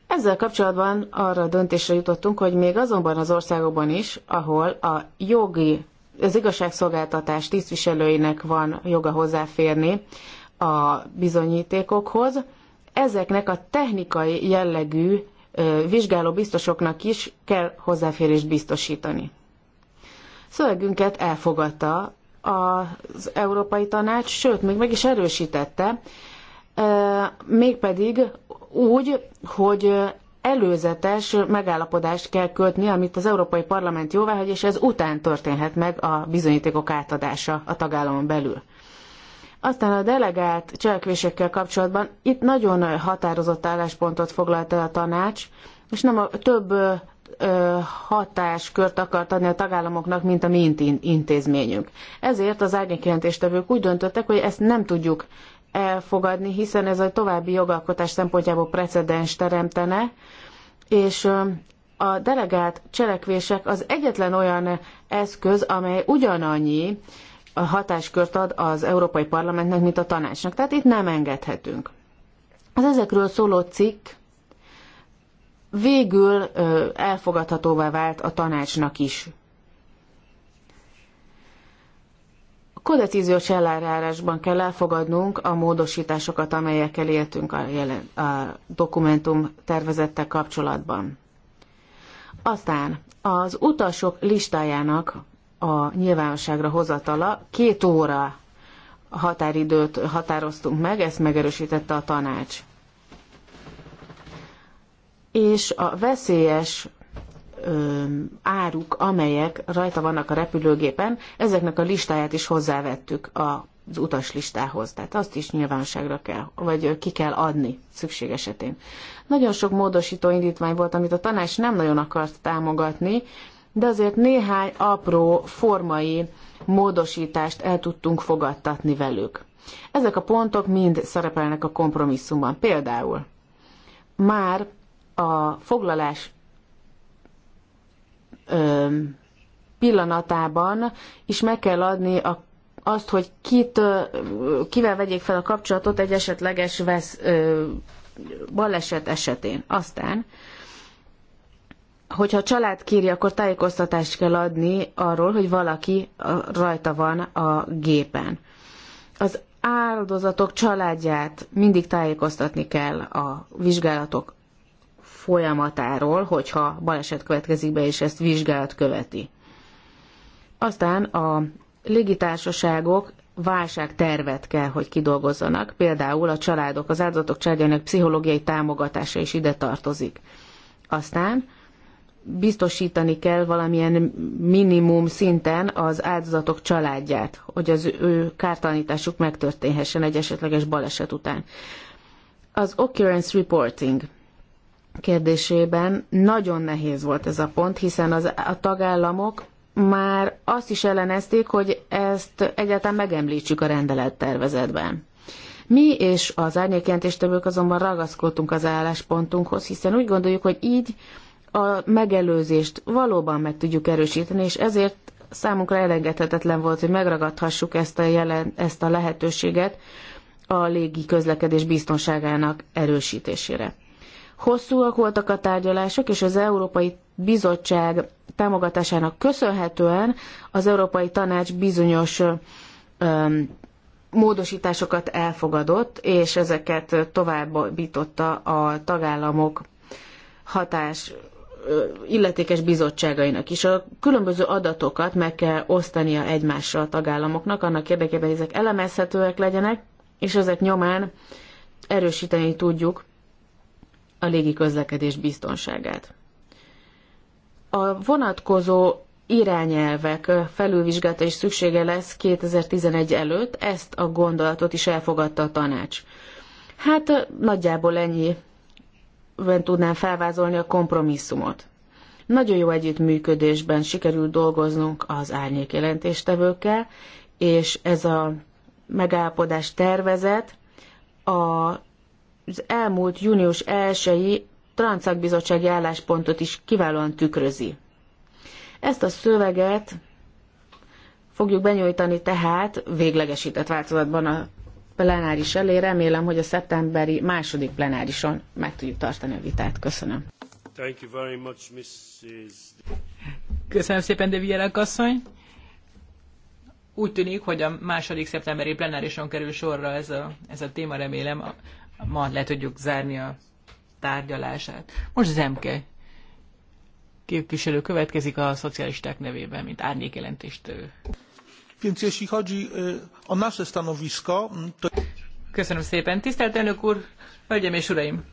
Ezzel kapcsolatban arra a döntésre jutottunk, hogy még azonban az országokban is, ahol a jogi, az igazságszolgáltatás tisztviselőinek van joga hozzáférni a bizonyítékokhoz, ezeknek a technikai jellegű vizsgáló biztosoknak is kell hozzáférést biztosítani. Szövegünket elfogadta az Európai Tanács, sőt, még meg is erősítette, mégpedig úgy, hogy előzetes megállapodást kell kötni, amit az Európai Parlament jóváhagy, és ez után történhet meg a bizonyítékok átadása a tagállamon belül. Aztán a delegált cselekvésekkel kapcsolatban itt nagyon határozott álláspontot foglalt el a tanács, és nem a több hatáskört akart adni a tagállamoknak, mint a mi intézményünk. Ezért az árnyékjelentéstevők úgy döntöttek, hogy ezt nem tudjuk elfogadni, hiszen ez a további jogalkotás szempontjából precedens teremtene, és a delegált cselekvések az egyetlen olyan eszköz, amely ugyanannyi hatáskört ad az Európai Parlamentnek, mint a tanácsnak. Tehát itt nem engedhetünk. Az ezekről szóló cikk végül elfogadhatóvá vált a tanácsnak is. A kodecíziós elárárásban kell elfogadnunk a módosításokat, amelyekkel éltünk a, jelen, a dokumentum tervezettel kapcsolatban. Aztán az utasok listájának a nyilvánosságra hozatala két óra határidőt határoztunk meg, ezt megerősítette a tanács és a veszélyes ö, áruk, amelyek rajta vannak a repülőgépen, ezeknek a listáját is hozzávettük az utaslistához. Tehát azt is nyilvánosságra kell, vagy ki kell adni szükség esetén. Nagyon sok módosító indítvány volt, amit a tanács nem nagyon akart támogatni, de azért néhány apró formai módosítást el tudtunk fogadtatni velük. Ezek a pontok mind szerepelnek a kompromisszumban. Például már a foglalás pillanatában is meg kell adni a, azt, hogy kit, kivel vegyék fel a kapcsolatot egy esetleges vesz, baleset esetén. Aztán, hogyha a család kéri, akkor tájékoztatást kell adni arról, hogy valaki rajta van a gépen. Az áldozatok családját mindig tájékoztatni kell a vizsgálatok folyamatáról, hogyha baleset következik be, és ezt vizsgálat követi. Aztán a légitársaságok válságtervet kell, hogy kidolgozzanak. Például a családok, az áldozatok családjának pszichológiai támogatása is ide tartozik. Aztán biztosítani kell valamilyen minimum szinten az áldozatok családját, hogy az ő kártalanításuk megtörténhessen egy esetleges baleset után. Az occurrence reporting kérdésében nagyon nehéz volt ez a pont, hiszen az, a tagállamok már azt is ellenezték, hogy ezt egyáltalán megemlítsük a rendelettervezetben. Mi és az árnyékjelentéstevők azonban ragaszkodtunk az álláspontunkhoz, hiszen úgy gondoljuk, hogy így a megelőzést valóban meg tudjuk erősíteni, és ezért számunkra elengedhetetlen volt, hogy megragadhassuk ezt a, jelen, ezt a lehetőséget a légi közlekedés biztonságának erősítésére. Hosszúak voltak a tárgyalások, és az Európai Bizottság támogatásának köszönhetően az Európai Tanács bizonyos öm, módosításokat elfogadott, és ezeket továbbította a tagállamok hatás illetékes bizottságainak is. A különböző adatokat meg kell osztania egymással a tagállamoknak, annak érdekében, hogy ezek elemezhetőek legyenek, és ezek nyomán erősíteni tudjuk a légi közlekedés biztonságát. A vonatkozó irányelvek felülvizsgálata is szüksége lesz 2011 előtt, ezt a gondolatot is elfogadta a tanács. Hát nagyjából ennyi tudnám felvázolni a kompromisszumot. Nagyon jó együttműködésben sikerült dolgoznunk az árnyék jelentéstevőkkel, és ez a megállapodás tervezet a az elmúlt június 1-i transzakbizottsági álláspontot is kiválóan tükrözi. Ezt a szöveget fogjuk benyújtani tehát véglegesített változatban a plenáris elé. Remélem, hogy a szeptemberi második plenárison meg tudjuk tartani a vitát. Köszönöm. Thank you very much, Mrs. Köszönöm szépen, de Vigyelek asszony. Úgy tűnik, hogy a második szeptemberi plenárison kerül sorra ez a, ez a téma, remélem. A, ma le tudjuk zárni a tárgyalását. Most Zemke képviselő következik a szocialisták nevében, mint árnyékjelentéstő. Więc e, Köszönöm szépen. Tisztelt elnök úr, hölgyeim és uraim!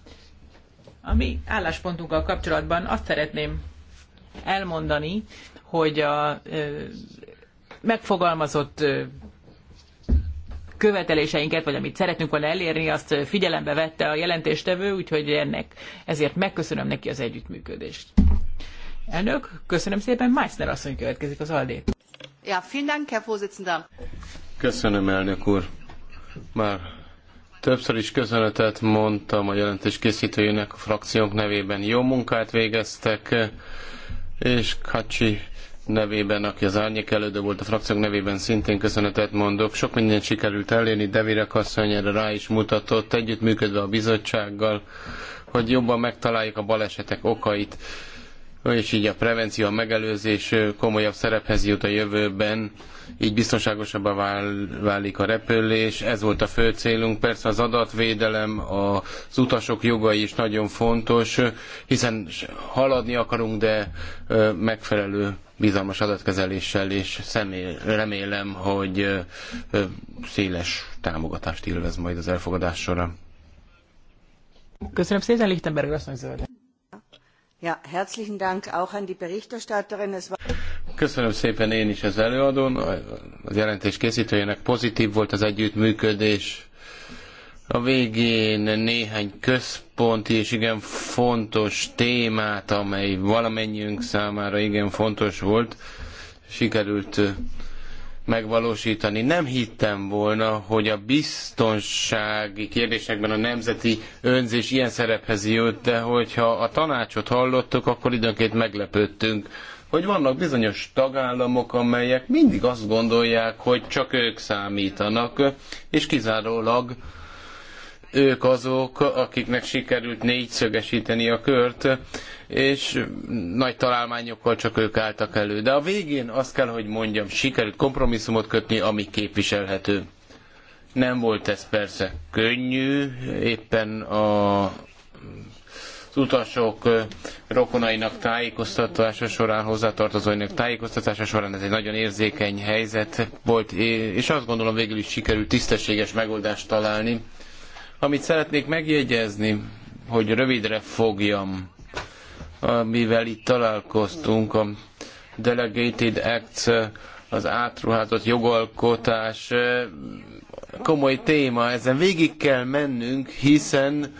A mi álláspontunkkal kapcsolatban azt szeretném elmondani, hogy a e, megfogalmazott e, követeléseinket, vagy amit szeretnünk, volna elérni, azt figyelembe vette a jelentéstevő, úgyhogy ennek ezért megköszönöm neki az együttműködést. Elnök, köszönöm szépen, Meissner asszony következik az Aldét. Ja, vielen Dank, Herr Vorsitzender. Köszönöm, elnök úr. Már Többször is köszönetet mondtam a jelentés készítőjének a frakciónk nevében. Jó munkát végeztek, és Kacsi nevében, aki az árnyék elődő volt a frakciók nevében, szintén köszönetet mondok. Sok mindent sikerült elérni, Devirek asszony erre rá is mutatott, együttműködve a bizottsággal, hogy jobban megtaláljuk a balesetek okait, és így a prevenció, a megelőzés komolyabb szerephez jut a jövőben, így biztonságosabbá válik a repülés. Ez volt a fő célunk. Persze az adatvédelem, az utasok jogai is nagyon fontos, hiszen haladni akarunk, de megfelelő bizalmas adatkezeléssel, és személy, remélem, hogy széles támogatást élvez majd az elfogadás során. Köszönöm szépen, Lichtenberg asszony zöld. Ja, herzlichen Dank auch an die Berichterstatterin. Es war... Köszönöm szépen én is az előadón, az jelentés készítőjének pozitív volt az együttműködés a végén néhány központi és igen fontos témát, amely valamennyiünk számára igen fontos volt, sikerült megvalósítani. Nem hittem volna, hogy a biztonsági kérdésekben a nemzeti önzés ilyen szerephez jött, de hogyha a tanácsot hallottuk, akkor időnként meglepődtünk, hogy vannak bizonyos tagállamok, amelyek mindig azt gondolják, hogy csak ők számítanak, és kizárólag ők azok, akiknek sikerült négyszögesíteni a kört, és nagy találmányokkal csak ők álltak elő. De a végén azt kell, hogy mondjam, sikerült kompromisszumot kötni, ami képviselhető. Nem volt ez persze könnyű, éppen a az utasok rokonainak tájékoztatása során, hozzátartozóinak tájékoztatása során ez egy nagyon érzékeny helyzet volt, és azt gondolom végül is sikerült tisztességes megoldást találni amit szeretnék megjegyezni, hogy rövidre fogjam, mivel itt találkoztunk, a Delegated Acts, az átruházott jogalkotás komoly téma, ezen végig kell mennünk, hiszen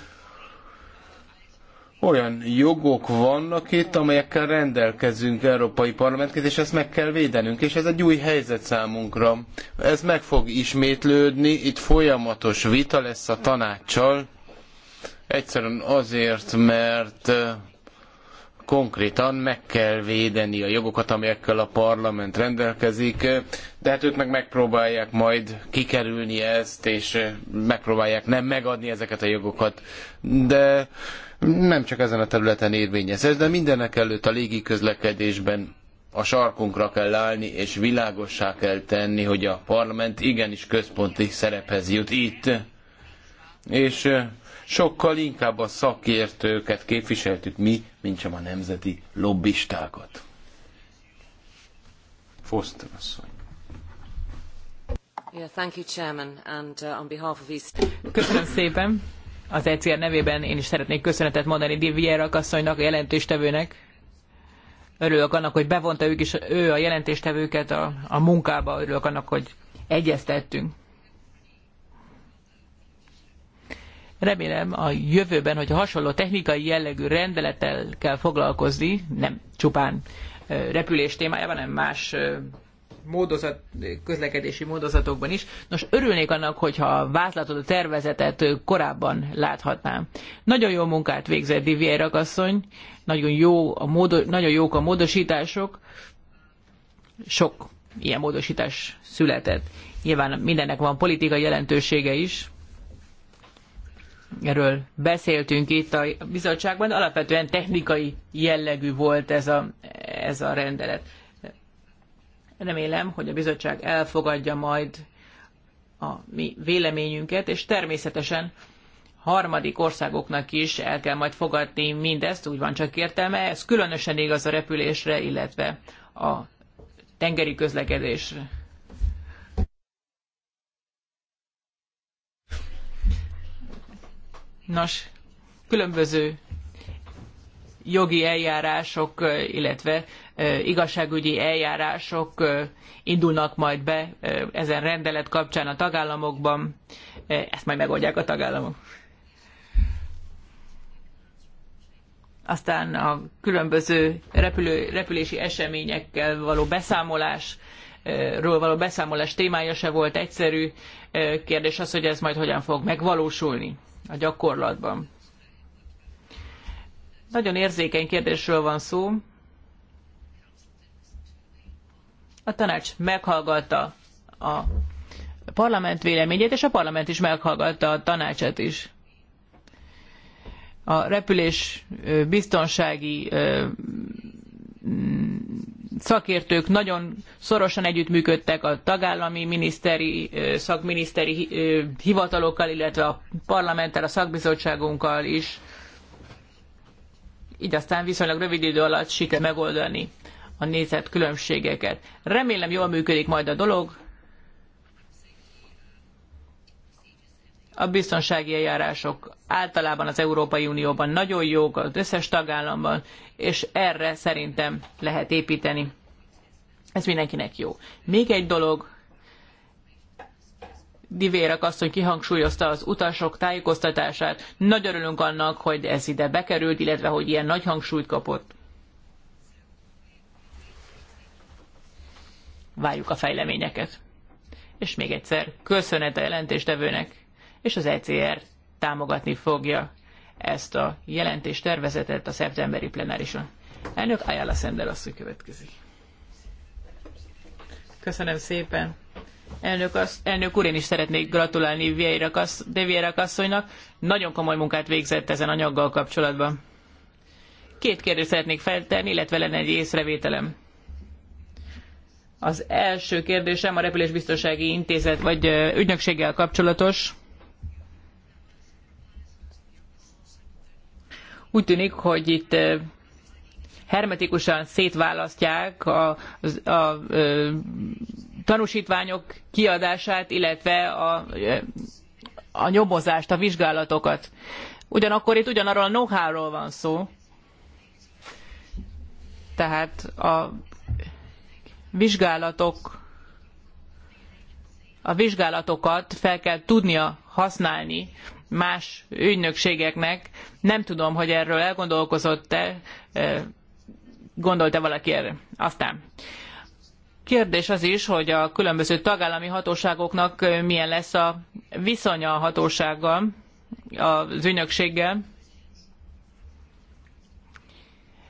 olyan jogok vannak itt, amelyekkel rendelkezünk Európai Parlamentként, és ezt meg kell védenünk, és ez egy új helyzet számunkra. Ez meg fog ismétlődni, itt folyamatos vita lesz a tanácssal, egyszerűen azért, mert konkrétan meg kell védeni a jogokat, amelyekkel a parlament rendelkezik, de hát ők meg megpróbálják majd kikerülni ezt, és megpróbálják nem megadni ezeket a jogokat. De nem csak ezen a területen érvényes ez, de mindenek előtt a légi közlekedésben a sarkunkra kell állni, és világossá kell tenni, hogy a parlament igenis központi szerephez jut itt. És sokkal inkább a szakértőket képviseltük mi, mint sem a nemzeti lobbistákat. Foster asszony. Yeah, thank you, Chairman, and uh, on behalf of East... Köszönöm szépen az ECR nevében én is szeretnék köszönetet mondani Diviera asszonynak, a jelentéstevőnek. Örülök annak, hogy bevonta ők is, ő a jelentéstevőket a, a munkába, örülök annak, hogy egyeztettünk. Remélem a jövőben, hogy hasonló technikai jellegű rendelettel kell foglalkozni, nem csupán repülés témájában, hanem más módozat, közlekedési módozatokban is. Nos, örülnék annak, hogyha a vázlatot, a tervezetet korábban láthatnám. Nagyon jó munkát végzett Divier Ragasszony, nagyon, jó a módo, nagyon jók a módosítások, sok ilyen módosítás született. Nyilván mindennek van politikai jelentősége is, erről beszéltünk itt a bizottságban, alapvetően technikai jellegű volt ez a, ez a rendelet. Remélem, hogy a bizottság elfogadja majd a mi véleményünket, és természetesen harmadik országoknak is el kell majd fogadni mindezt, úgy van csak értelme. Ez különösen igaz a repülésre, illetve a tengeri közlekedésre. Nos, különböző jogi eljárások, illetve igazságügyi eljárások indulnak majd be ezen rendelet kapcsán a tagállamokban. Ezt majd megoldják a tagállamok. Aztán a különböző repülő, repülési eseményekkel való beszámolás, ról való beszámolás témája se volt egyszerű. Kérdés az, hogy ez majd hogyan fog megvalósulni a gyakorlatban. Nagyon érzékeny kérdésről van szó, A tanács meghallgatta a parlament véleményét, és a parlament is meghallgatta a tanácsát is. A repülés biztonsági mm, szakértők nagyon szorosan együttműködtek a tagállami miniszteri, szakminiszteri hivatalokkal, illetve a parlamenttel, a szakbizottságunkkal is. Így aztán viszonylag rövid idő alatt sikerült megoldani a nézet különbségeket. Remélem jól működik majd a dolog. A biztonsági eljárások általában az Európai Unióban nagyon jók, az összes tagállamban, és erre szerintem lehet építeni. Ez mindenkinek jó. Még egy dolog, Divérak asszony kihangsúlyozta az utasok tájékoztatását. Nagy örülünk annak, hogy ez ide bekerült, illetve hogy ilyen nagy hangsúlyt kapott. várjuk a fejleményeket. És még egyszer, köszönet a jelentéstevőnek, és az ECR támogatni fogja ezt a jelentést tervezetet a szeptemberi plenárison. Elnök Ayala Szender asszony következik. Köszönöm szépen. Elnök, az, elnök úr, én is szeretnék gratulálni Vieira asszonynak. Nagyon komoly munkát végzett ezen anyaggal kapcsolatban. Két kérdést szeretnék feltenni, illetve lenne egy észrevételem. Az első kérdésem a repülésbiztonsági intézet vagy ügynökséggel kapcsolatos. Úgy tűnik, hogy itt hermetikusan szétválasztják a, a, a tanúsítványok kiadását, illetve a, a nyomozást, a vizsgálatokat. Ugyanakkor itt ugyanarról a know-how-ról van szó. Tehát a vizsgálatok a vizsgálatokat fel kell tudnia használni más ügynökségeknek. Nem tudom, hogy erről elgondolkozott-e, e, gondolt-e valaki erre. Aztán kérdés az is, hogy a különböző tagállami hatóságoknak e, milyen lesz a viszonya a hatósággal, az ügynökséggel.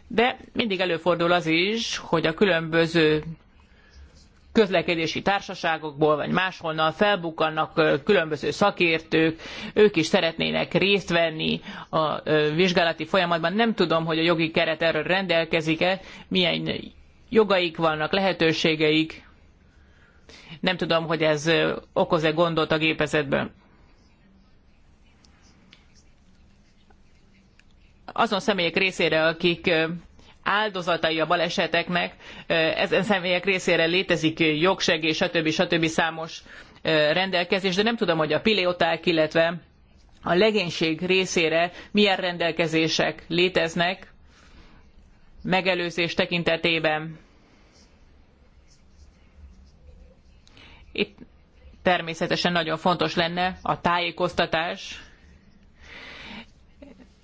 De mindig előfordul az is, hogy a különböző közlekedési társaságokból, vagy máshonnan felbukkannak különböző szakértők, ők is szeretnének részt venni a vizsgálati folyamatban. Nem tudom, hogy a jogi keret erről rendelkezik-e, milyen jogaik vannak, lehetőségeik. Nem tudom, hogy ez okoz-e gondot a gépezetben. Azon személyek részére, akik áldozatai a baleseteknek, ezen személyek részére létezik jogsegély, stb. stb. számos rendelkezés, de nem tudom, hogy a pilóták, illetve a legénység részére milyen rendelkezések léteznek megelőzés tekintetében. Itt természetesen nagyon fontos lenne a tájékoztatás,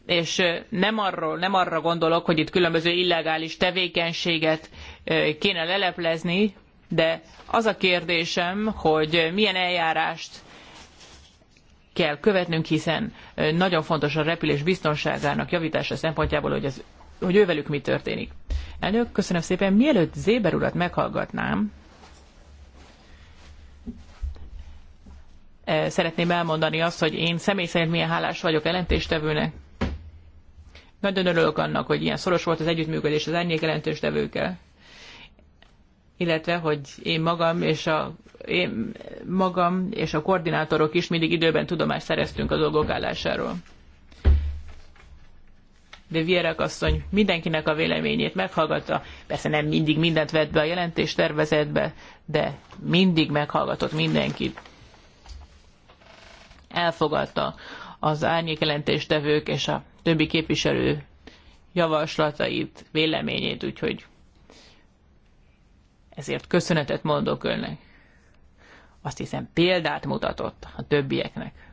és nem, arról, nem arra gondolok, hogy itt különböző illegális tevékenységet kéne leleplezni, de az a kérdésem, hogy milyen eljárást kell követnünk, hiszen nagyon fontos a repülés biztonságának javítása szempontjából, hogy, az, hogy ővelük mi történik. Elnök, köszönöm szépen. Mielőtt Zéber urat meghallgatnám, szeretném elmondani azt, hogy én személy szerint milyen hálás vagyok jelentéstevőnek, nagyon örülök annak, hogy ilyen szoros volt az együttműködés az jelentős jelentőstevőkkel, illetve, hogy én magam és a én magam és a koordinátorok is mindig időben tudomást szereztünk a dolgok állásáról. De Vierak asszony mindenkinek a véleményét meghallgatta, persze nem mindig mindent vett be a jelentés tervezetbe, de mindig meghallgatott mindenkit. Elfogadta az árnyék jelentéstevők és a többi képviselő javaslatait, véleményét, úgyhogy ezért köszönetet mondok önnek. Azt hiszem példát mutatott a többieknek.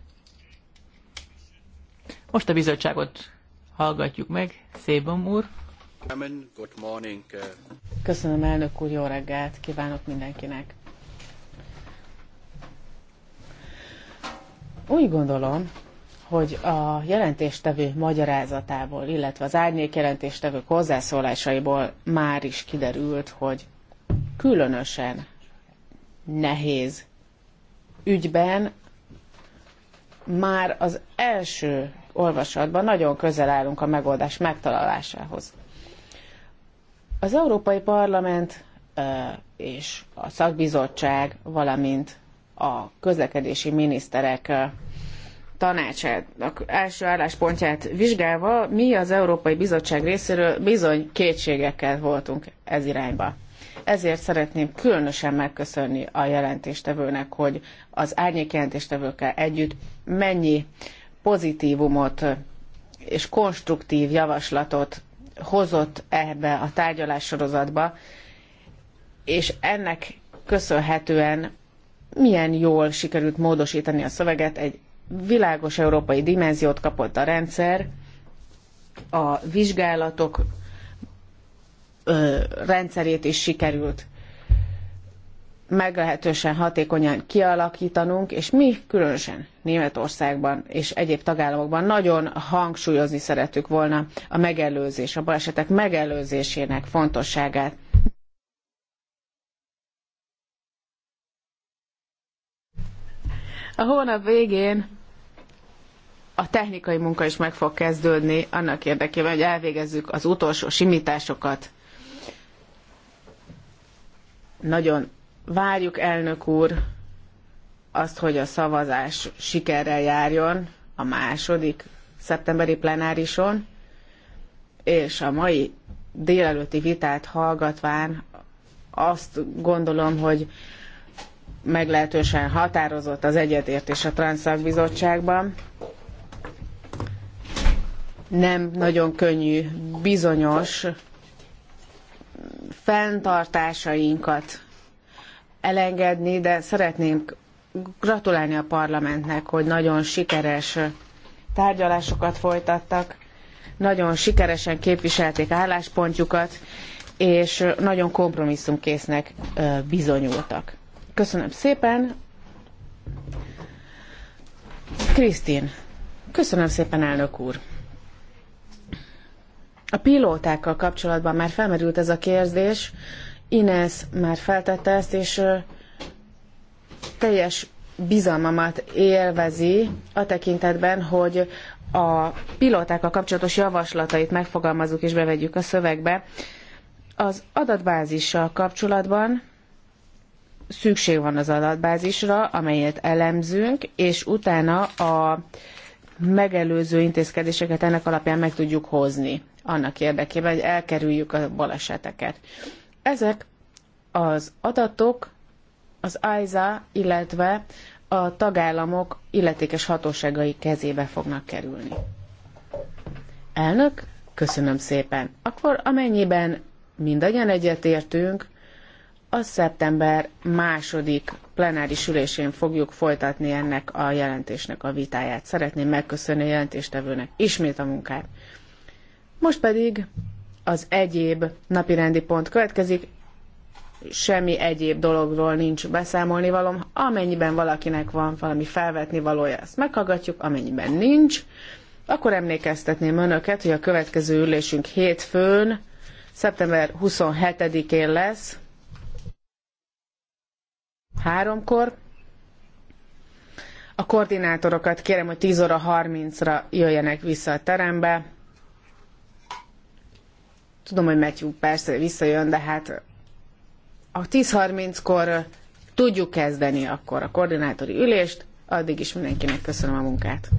Most a bizottságot hallgatjuk meg. Szébom úr. Köszönöm, elnök úr, jó reggelt kívánok mindenkinek. Úgy gondolom, hogy a jelentéstevő magyarázatából, illetve az árnyék jelentéstevők hozzászólásaiból már is kiderült, hogy különösen nehéz ügyben már az első olvasatban nagyon közel állunk a megoldás megtalálásához. Az Európai Parlament és a szakbizottság, valamint a közlekedési miniszterek tanácsának első álláspontját vizsgálva, mi az Európai Bizottság részéről bizony kétségekkel voltunk ez irányba. Ezért szeretném különösen megköszönni a jelentéstevőnek, hogy az árnyék jelentéstevőkkel együtt mennyi pozitívumot és konstruktív javaslatot hozott ebbe a tárgyalássorozatba, és ennek köszönhetően milyen jól sikerült módosítani a szöveget egy világos európai dimenziót kapott a rendszer, a vizsgálatok ö, rendszerét is sikerült meglehetősen hatékonyan kialakítanunk, és mi különösen Németországban és egyéb tagállamokban nagyon hangsúlyozni szeretük volna a megelőzés, a balesetek megelőzésének fontosságát. A hónap végén a technikai munka is meg fog kezdődni annak érdekében, hogy elvégezzük az utolsó simításokat. Nagyon várjuk, elnök úr, azt, hogy a szavazás sikerrel járjon a második szeptemberi plenárison, és a mai délelőtti vitát hallgatván azt gondolom, hogy meglehetősen határozott az egyetértés a Transzakbizottságban. Nem nagyon könnyű bizonyos fenntartásainkat elengedni, de szeretnénk gratulálni a parlamentnek, hogy nagyon sikeres tárgyalásokat folytattak, nagyon sikeresen képviselték álláspontjukat, és nagyon kompromisszumkésznek bizonyultak. Köszönöm szépen. Krisztin, köszönöm szépen, elnök úr. A pilótákkal kapcsolatban már felmerült ez a kérdés, Ines már feltette ezt, és teljes bizalmamat élvezi a tekintetben, hogy a pilótákkal kapcsolatos javaslatait megfogalmazzuk és bevegyük a szövegbe. Az adatbázissal kapcsolatban szükség van az adatbázisra, amelyet elemzünk, és utána a megelőző intézkedéseket ennek alapján meg tudjuk hozni, annak érdekében, hogy elkerüljük a baleseteket. Ezek az adatok az AISA, illetve a tagállamok illetékes hatóságai kezébe fognak kerülni. Elnök, köszönöm szépen. Akkor amennyiben mindannyian egyetértünk, a szeptember második plenáris ülésén fogjuk folytatni ennek a jelentésnek a vitáját. Szeretném megköszönni a jelentéstevőnek ismét a munkát. Most pedig az egyéb napirendi pont következik, semmi egyéb dologról nincs beszámolni valom. Amennyiben valakinek van valami felvetni valója, ezt meghallgatjuk, amennyiben nincs, akkor emlékeztetném önöket, hogy a következő ülésünk hétfőn, szeptember 27-én lesz, háromkor. A koordinátorokat kérem, hogy 10 óra 30-ra jöjjenek vissza a terembe. Tudom, hogy Matthew persze visszajön, de hát a 10.30-kor tudjuk kezdeni akkor a koordinátori ülést, addig is mindenkinek köszönöm a munkát.